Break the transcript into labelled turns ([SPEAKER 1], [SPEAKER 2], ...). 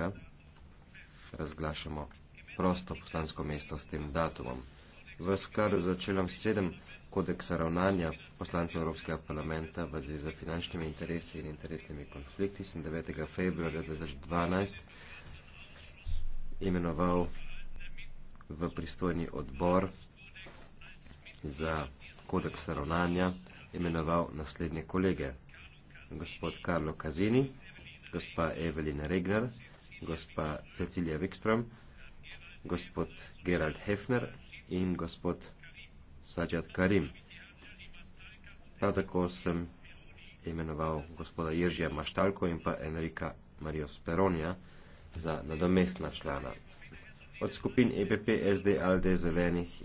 [SPEAKER 1] ponedeljka razglašamo prosto poslansko mesto s tem datumom. V skladu z začelom sedem kodeksa ravnanja poslancev Evropskega parlamenta v zvezi z finančnimi interesi in interesnimi konflikti sem 9. februarja 2012 imenoval v pristojni odbor za kodeks ravnanja imenoval naslednje kolege. Gospod Karlo Kazini, gospa Evelina Regner, gospa Cecilija Wikström, gospod Gerald Hefner in gospod Sajad Karim. Prav tako sem imenoval gospoda Jeržija Maštalko in pa Enrika Mario Speronija za nadomestna člana. Od skupin EPP, SD, ALDE, Zelenih